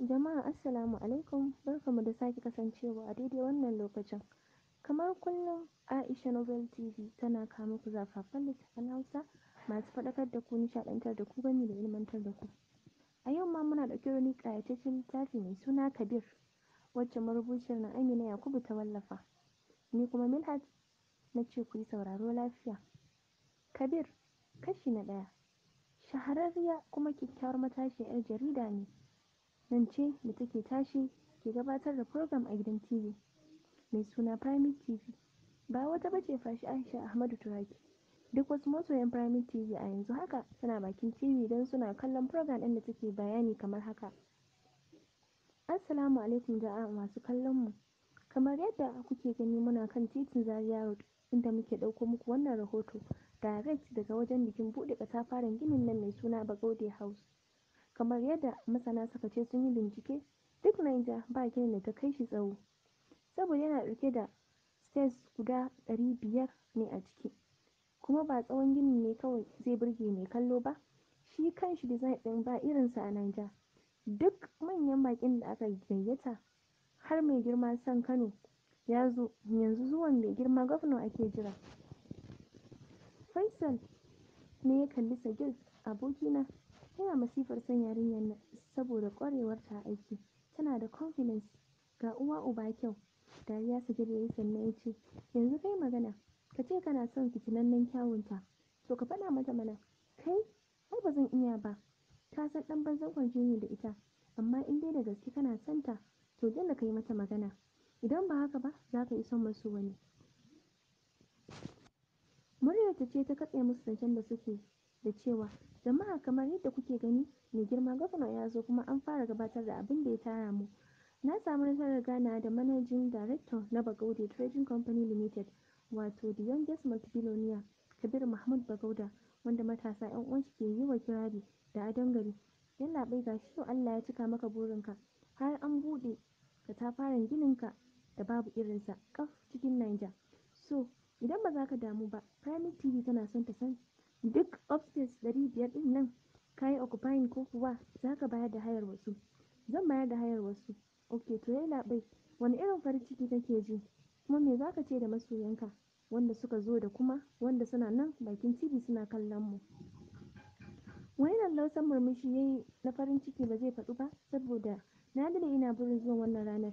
Jama'a Assalamu alaikum barkamu da sake kasancewa a daidai wannan lokacin. Kamar kullum Aisha Novel TV tana kawo muku zafafan littattafan Hausa masu faɗakar da ku, nishaɗantar da ku, gami da ilmantar da ku. A yau ma muna ɗauke da wani ƙayataccen littafi mai suna Kabir wacce marubuciyar nan Amina Yakubu ta wallafa. Ni kuma Milhat na ce ku yi sauraro lafiya. Kabir kashi na ɗaya. Shahararriya kuma kyakkyawar matashiya 'yar jarida ne. nan ce da take tashi ke gabatar da program a gidan TV mai suna Primary TV. Ba wata bace fashi Aisha Ahmadu Turaki. Duk wasu masoyan Primary TV a yanzu haka suna bakin TV don suna kallon program ɗin da take bayani kamar haka. Assalamu alaikum jama'a masu kallon mu. Kamar yadda kuke gani muna kan titin Zaria Road inda muke ɗauko muku wannan rahoto direct daga wajen bikin buɗe katafaren ginin nan mai suna Bagode House. kamar yadda masana suka ce sun yi bincike duk niger ba ginin da ta kai shi tsawo saboda yana ɗauke da stage guda ɗari biyar ne a ciki kuma ba tsawon ginin ne kawai zai burge mai kallo ba shi kan shi design ɗin ba irinsa a niger duk manyan baƙin da aka gayyata har mai girma san kano ya zo yanzu zuwan mai girma gwamna ake jira faisal ne ya kalli sagil abokina Ina masifar son yarinyar nan saboda ƙwarewarta a aiki. Tana da confidence, ga uwa uba kyau. Dariya Sagir ya yi sannan ya ce, yanzu ka magana. Ka ce kana son fitinannen kyawunta. To ka faɗa mata mana. Kai? Ai ba zan iya ba. Ka san ɗan banzan kwarji ne da ita. Amma in dai da gaske kana son ta, to dole ka yi mata magana. Idan ba haka ba, za ka yi son masu wani. Muryarta ce ta katse musu zancen da suke da cewa Jama'a kamar yadda kuke gani mai girma gwamna ya zo kuma an fara gabatar da abin da ya tara mu. Na samu nasarar ganawa da Managing Director na Bagaude Trading Company Limited wato the youngest multibillionaire Kabir Mahmud Bagauda wanda matasa 'yan uwansu ke yi wa kirari da adon gari. Yallaɓai ga shi yau Allah ya cika maka burinka har an buɗe ginin gininka da babu irinsa kaf cikin Niger. So idan ba za ka damu ba Primate TV tana son ta san duk dari biyar ɗin nan ka yi occupying ko kuwa za ka bayar da hayar wasu zan bayar da hayar wasu ok to yallaɓai wani irin farin ciki kake ji kuma me za ka ce da masoyanka wanda suka zo da kuma wanda suna nan bakin TV suna kallon mu wannan lausan murmushi ya yi na farin ciki ba zai faɗu ba saboda na dade ina burin zuwa wannan ranar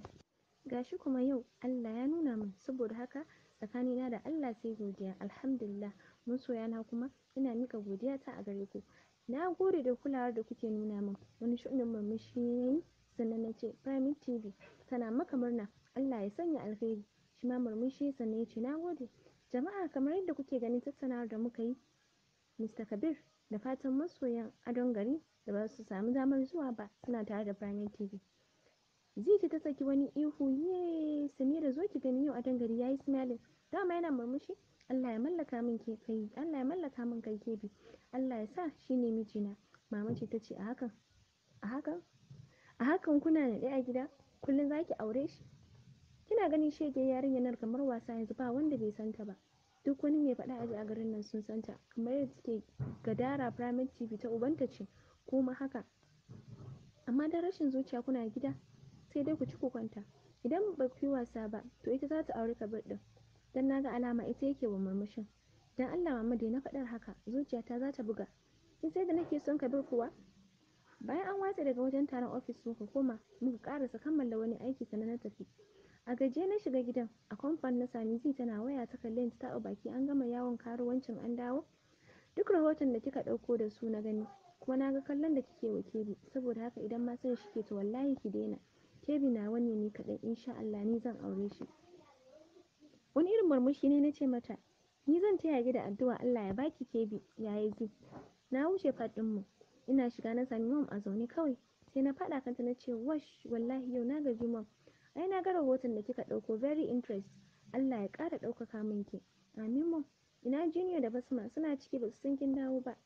gashi kuma yau allah ya nuna min saboda haka tsakanina da allah sai godiya alhamdulillah masoya na kuma ina miƙa godiyata a gare ku na gode da kulawar da kuke nuna min wani shirin murmushi ya sannan na ce prime tv tana maka murna allah ya sanya alheri shi ma murmushi sannan ya ce na gode jama'a kamar yadda kuke ganin tattaunawar da muka yi mr kabir da fatan masoyan adon gari da ba su samu damar zuwa ba suna tare da prime tv zai ta saki wani ihu ye samira zo ki gani yau adon gari ya yi smiling dama yana murmushi Allah ya mallaka min ke kai Allah ya mallaka min kai kebi Allah ya sa shine mijina mama ce tace a hakan a hakan a hakan kuna naɗe a gida kullum zaki aure shi kina ganin shege yarinya nan kamar wasa yanzu ba wanda bai santa ba duk wani mai faɗa aji a garin nan sun santa kamar yadda suke gadara primate tv ta ubanta ce kuma haka amma dan rashin zuciya kuna gida sai dai ku ci ku kwanta idan ba ku yi wasa ba to ita za ta aure ɗin. din don na ga alama ita yake wa murmushin don allah mama dai na faɗar haka zuciyata za ta buga in sai da nake son ka kabir kuwa bayan an watsa daga wajen taron ofis muka koma muka karasa kammala wani aiki sannan na tafi a gaje na shiga gidan a kwamfan na sami zi tana waya ta kalle ta taɓa baki an gama yawon karuwancin an dawo duk rahoton da kika ɗauko da su na gani kuma na ga kallon da kike wa kebi saboda haka idan ma sai shi ke to wallahi ki daina kebi na wani ne kaɗai insha Allah ni zan aure shi wani irin murmushi ne na ce mata ni zan taya ki da addu'a Allah ya baki kebi yayi ki na wuce fat mu ina shiga na sami mom a zaune kawai sai na faɗa kanta na ce wash wallahi yau na gaji mom ai na ga rahoton da kika ɗauko very interest Allah ya kara ɗaukaka min ki amin mom ina junior da basma suna ciki ba su san kin dawo ba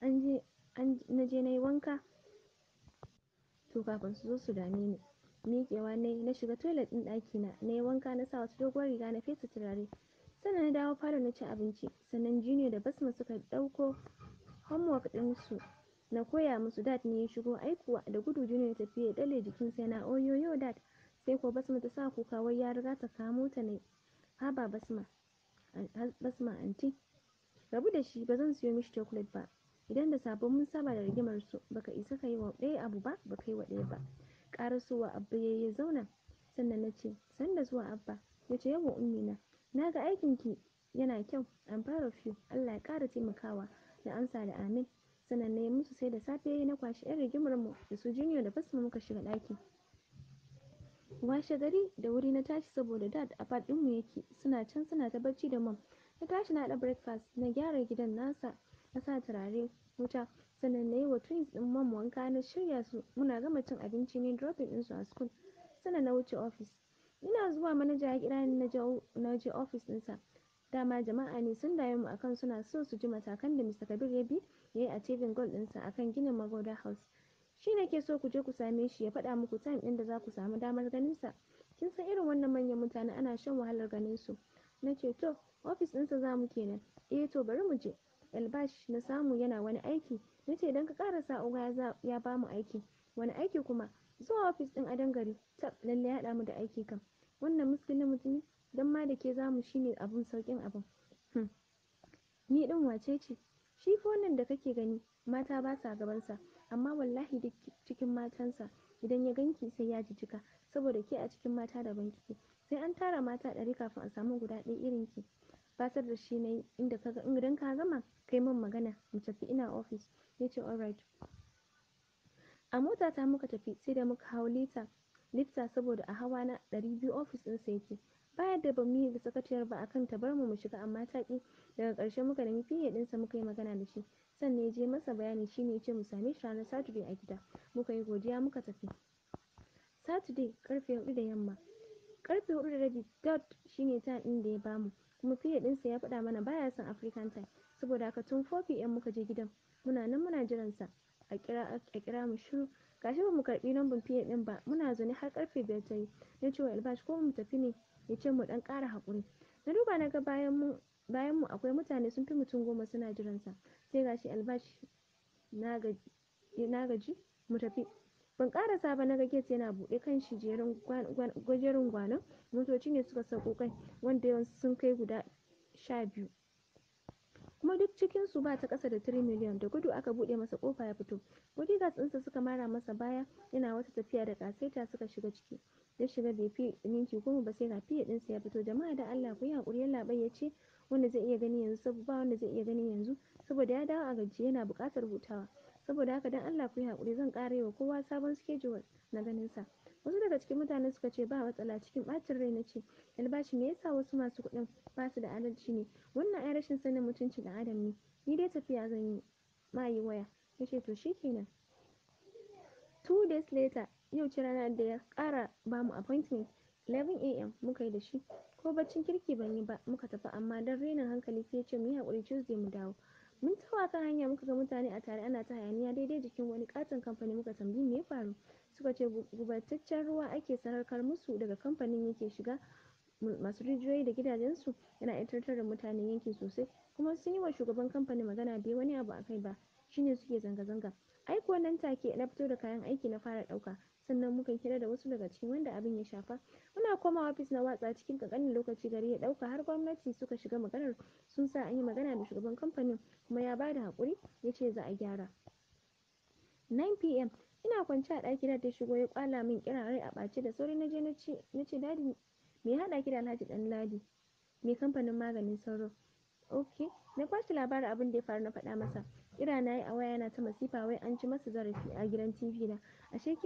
an je an na je na yi wanka to kafin su zo su dame ni miƙewa na na shiga toilet ɗin ɗaki na yi wanka na sa wasu doguwar riga na fesa turare sannan na dawo falo na ci abinci sannan junior da basma suka ɗauko homework su na koya musu dad ne ya shigo aikuwa da gudu junior ya tafi ya ɗale jikin yana oyoyo dad sai ko basma ta sa kuka wai ya riga ta kamo ta ne haba basma basma anti rabu da shi ba zan siyo mishi chocolate ba idan da sabo mun saba da rigimar su baka isa ka yi wa ɗaya abu ba baka yi wa ɗaya ba Ƙarasowa Abba ya ya zauna. Sannan na ce, San da zuwa Abba. Ya ce, Yawwa Ummina, na ga ki yana kyau. an fara of Allah ya ƙara taimakawa. Na amsa da amin. Sannan na yi musu sai da safe na kwashi 'yan rigimarmu da su Junior da Basma muka shiga ɗaki. Washe gari da wuri na tashi saboda dad a ɗinmu yake suna can suna ta barci da mom. Na tashi na haɗa breakfast na gyara gidan nasa na sa turare wuta sannan na yi wa twins ɗin man wanka na shirya su muna gama cin abinci ne dropping su a school sannan na wuce office ina zuwa manaja ya kira ni na je office ɗinsa dama jama'a ne sun damu mu akan suna so su ji matakan da Mr. Kabir ya bi ya yi a tebin goal dinsa akan ginin Magoda House shi nake so ku je ku same shi ya faɗa muku time ɗin da za ku samu damar ganin sa kin san irin wannan manyan mutane ana shan wahalar ganin su nace to office ɗinsa za mu kenan eh to bari mu je Elbash na samu yana wani aiki, na ce don ka sa oga ya bamu aiki. Wani aiki kuma? Zuwa ofis ɗin adon gari, tab lalle ya mu da aiki kam. Wannan na mutumi, don ma da ke zamu shine abun saukin abun. Hmm. Ni ɗin wace ce? Shi fa wannan da kake gani, mata ba sa gabansa, amma wallahi duk cikin matansa idan ya ganki sai ya jika saboda ke a cikin mata daban kike. Sai an tara mata ɗari kafin a samu guda ɗaya irin ki. fasar da shi nayi inda kaga in idan ka gama kai min magana mu tafi ina office yace alright a mota ta muka tafi sai da muka hau lita lifta saboda a hawa na ɗari biyu ofis ɗinsa yake bayar da bamu yi da sakatiyar ba akan ta bar mu shiga amma ta ki daga ƙarshe muka nemi fiye ɗinsa muka yi magana da shi sannan ya je masa bayani shine ya ce mu same shi ranar saturday a gida muka yi godiya muka tafi saturday karfe hudu da yamma karfe hudu da rabi dot shine ta din da ya bamu kuma period ɗinsa ya faɗa mana baya son african time saboda haka tun 4 pm muka je gidan muna nan muna jiran sa a kira a kira mu shiru gashi ba mu karbi lambun period din ba muna zaune har karfe biyar ta yi na ce wa albash ko mu tafi ne ya ce mu dan ƙara haƙuri na duba na ga bayan mu bayan mu akwai mutane sun fi mutum goma suna jiran sa sai gashi albash na gaji na gaji mu tafi amsa ba na yana buɗe kan shi jerin gwanon motoci ne suka sauko kai wanda yawan sun kai guda sha biyu kuma duk cikin su ba ta kasa da 3 miliyan da gudu aka buɗe masa kofa ya fito ɗin sa suka mara masa baya yana wata tafiya da kaseta suka shiga ciki ya shiga bai fi minti goma ba sai ga fiye ɗinsa ya fito jama'a da Allah ku yi hakuri yalla yace wanda zai iya gani yanzu saboda ba wanda zai iya gani yanzu saboda ya dawo a gajiye yana buƙatar hutawa saboda haka dan Allah ku yi haƙuri zan ƙara wa kowa sabon schedule na ganin sa wasu daga cikin mutane suka ce ba matsala cikin ɓacin rai na ce albashi me yasa wasu masu kuɗin ba su da adalci ne wannan ai rashin sanin mutunci na adam ne ni dai tafiya zan yi ma yi waya ya ce to shikenan two days later yau ce rana da ya ƙara bamu appointment 11 am muka yi da shi ko baccin kirki ban yi ba muka tafi amma dan rainin hankali sai ya ce mu yi haƙuri tuesday mu dawo Mun tawa kan hanya muka ga mutane a tare ana ta hayaniya daidai jikin wani katon kamfani muka tambayi me ya faru. Suka ce gubataccen ruwa ake sararkar musu daga kamfanin yake shiga masu rijiyoyi da gidajensu yana itartar da mutanen yankin sosai kuma sun yi wa shugaban kamfanin magana bai wani abu a kai ba shine suke zanga-zanga. aiko nan take na fito da kayan aiki na fara ɗauka sannan muka kira da wasu daga cikin wanda abin ya shafa muna koma ofis na watsa cikin kankanin lokaci gari ya ɗauka har gwamnati suka shiga maganar sun sa an yi magana da shugaban kamfanin kuma ya bada haƙuri ya ce za a gyara 9 pm ina kwance a ɗaki da ta shigo ya kwala min kira rai a ɓace da sauri na je na ce dadi me haɗa ki da alhaji ɗan ladi mai kamfanin maganin sauro ok na kwashe labarin abin da ya faru na faɗa masa Ira na yi a waya yana ta masifa wai an ci masa zarafi a gidan tv na ashe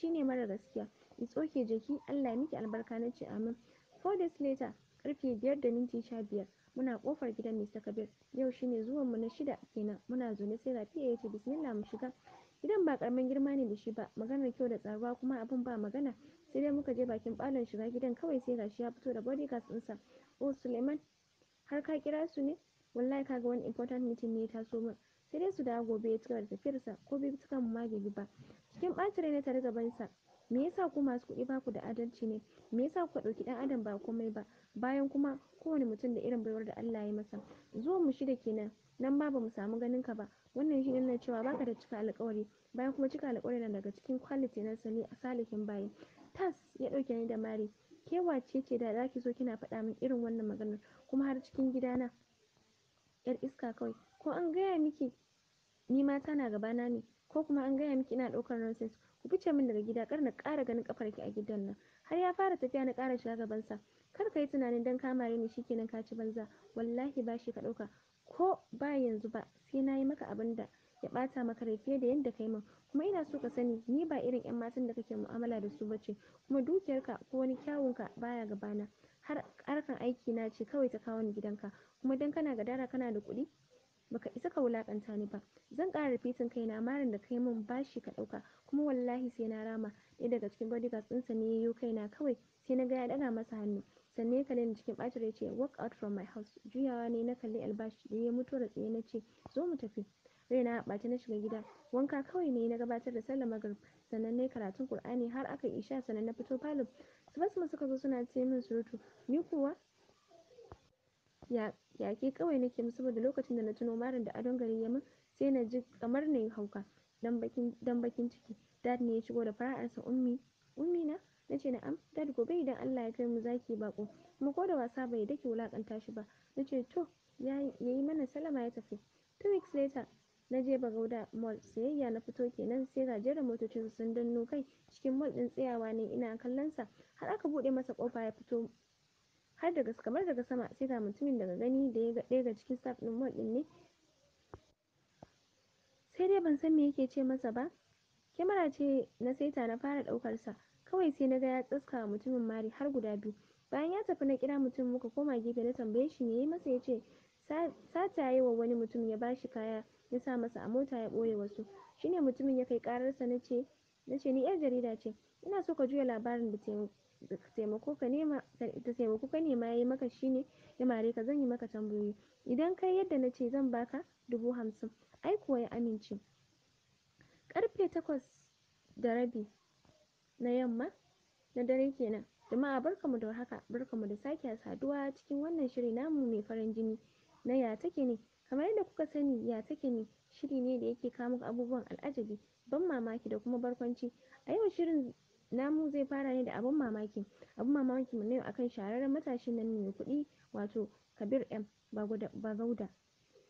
kin ne mara gaskiya it's okay jeki Allah ya miki albarka na ce amin four days later karfe biyar da minti sha biyar muna kofar gidan Mr. Kabir yau shine zuwan mu na shida kenan muna zaune sai Rafi'a ya ce bismillah mu shiga gidan ba karamin girma ne da shi ba maganar kyau da tsaruwa kuma abin ba magana sai dai muka je bakin palon shiga gidan kawai sai gashi ya fito da bodyguards ɗinsa oh Suleiman har ka kira su ne wallahi kaga wani important meeting ne ya taso min sai dai su dawo gobe ya cika da sa ko bai cika mu magani ba cikin ɓacin rai na tare sa me yasa ku masu kuɗi ba ku da adalci ne me yasa kuka ɗauki ɗan adam ba komai ba bayan kuma kowane mutum da irin baiwar da Allah ya masa zuwan mu shida kenan nan ba bamu samu ganin ka ba wannan shi nuna cewa baka da cika alƙawari bayan kuma cika alƙawari na daga cikin kwaliti na sani a salihin bayi tas ya ɗauke ni da mari ke wace ce da zaki zo kina faɗa min irin wannan maganar kuma har cikin gidana yar iska kawai ko an gaya miki ni mata na ne ko kuma an gaya miki ina ɗaukar nonsense ku fice min daga gida kar na ƙara ganin ƙafarki a gidan nan har ya fara tafiya na ƙara shiga gabansa kar ka yi tunanin dan kama ni shikenan ka ci banza wallahi bashi ka ɗauka ko ba yanzu ba sai na yi maka abin ya bata maka rai fiye da yadda kai min kuma ina so ka sani ni ba irin 'yan matan da kake mu'amala da su ce kuma dukiyarka ko wani ka baya gabana har harkan aiki na ce kawai ta kawo ni gidanka kuma dan kana gadara kana da kuɗi baka isa ka wulakanta ni ba zan ƙara rufitin na marin da kai min bashi ka ɗauka kuma wallahi sai na rama ɗaya daga cikin bodyguards ɗinsa ne kai na kawai sai na ga ya ɗaga masa hannu sannan ya kalle ni cikin ɓacin rai ce walk out from my house juyawa ne na kalli albashi da ya mutu da tsaye na ce zo mu tafi raina a ɓace na shiga gida wanka kawai nayi na gabatar da sallar magrib sannan nayi karatun qur'ani har aka isha sannan na fito falon. su basma suka zo suna ce min surutu ni kuwa ya ke kawai nake musu saboda lokacin da na tuno marin da adon gari ya min sai na ji kamar na yi hauka dan bakin ciki dad ne ya shigo da fara'arsa ummi ummi na na ce na'am dad gobe idan Allah ya kai mu zaki bako kuma ko da wasa bai dake wulakanta shi ba na ce to ya yi mana salama ya tafi two weeks later na je Bagauda Mall sayayya na fito kenan sai ga jerin motocin sun danno kai cikin mall ɗin tsayawa ne ina kallon sa har aka bude masa kofa ya fito har daga kamar daga sama sai ga mutumin daga gani da ya ga ɗaya daga cikin staff ɗin mall din ne sai dai ban san me yake ce masa ba kyamara ce na saita na fara ɗaukar sa kawai sai na ga ya tsaska wa mutumin mari har guda biyu bayan ya tafi na kira mutum muka koma gefe na tambaye shi me ya masa ya ce sata yi wa wani mutum ya bashi kaya ya sa masa a mota ya ɓoye wasu shine mutumin ya kai kararsa na ce na ce ni yar jarida ce ina so ka juya labarin da taimako ka nema ta taimako ka nema yayi maka shine ya mare ka zan yi maka tambayoyi idan kai yadda na ce zan baka dubu hamsin ai kuwa ya amince karfe takwas da rabi na yamma na dare kenan jama'a barkamu da haka barkamu da sake saduwa cikin wannan shiri namu mai farin jini na ya take ne Kamar yadda kuka sani Ya Take Ni shiri ne da yake kawo abubuwan al'ajabi, ban mamaki da kuma barkwanci. A yau shirin namu zai fara ne da abin mamaki. abun mamaki mu yau akan shahararren matashin nan mai kuɗi wato Kabir M. Bagauda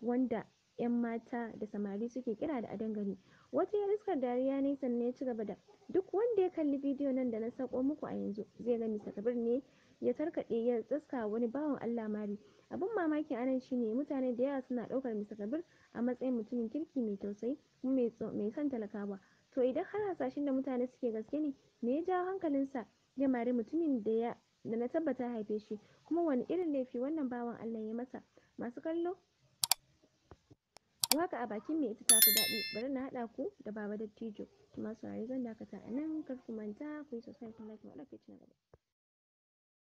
wanda 'yan mata da samari suke kira da gari Wata 'yar iskar dariya ne sannan ya ci gaba da "Duk wanda ya kalli bidiyo nan da na sako muku a yanzu zai gani Mr. Kabir ne ya tarkaɗe ya tsaska wani bawan Allah mari abin mamaki a nan shine mutane da yawa suna ɗaukar Mr. Kabir a matsayin mutumin kirki mai tausayi kuma mai son talakawa to idan har hasashen da mutane suke gaske ne me ya jawo sa ya mari mutumin da ya da na tabbata haife shi kuma wani irin laifi wannan bawan Allah ya masa masu kallo waka a bakin mai ita ta fi daɗi bari na haɗa ku da baba dattijo kuma saurari zan dakata a nan kar ku manta ku yi sosai kuma like mu na gaba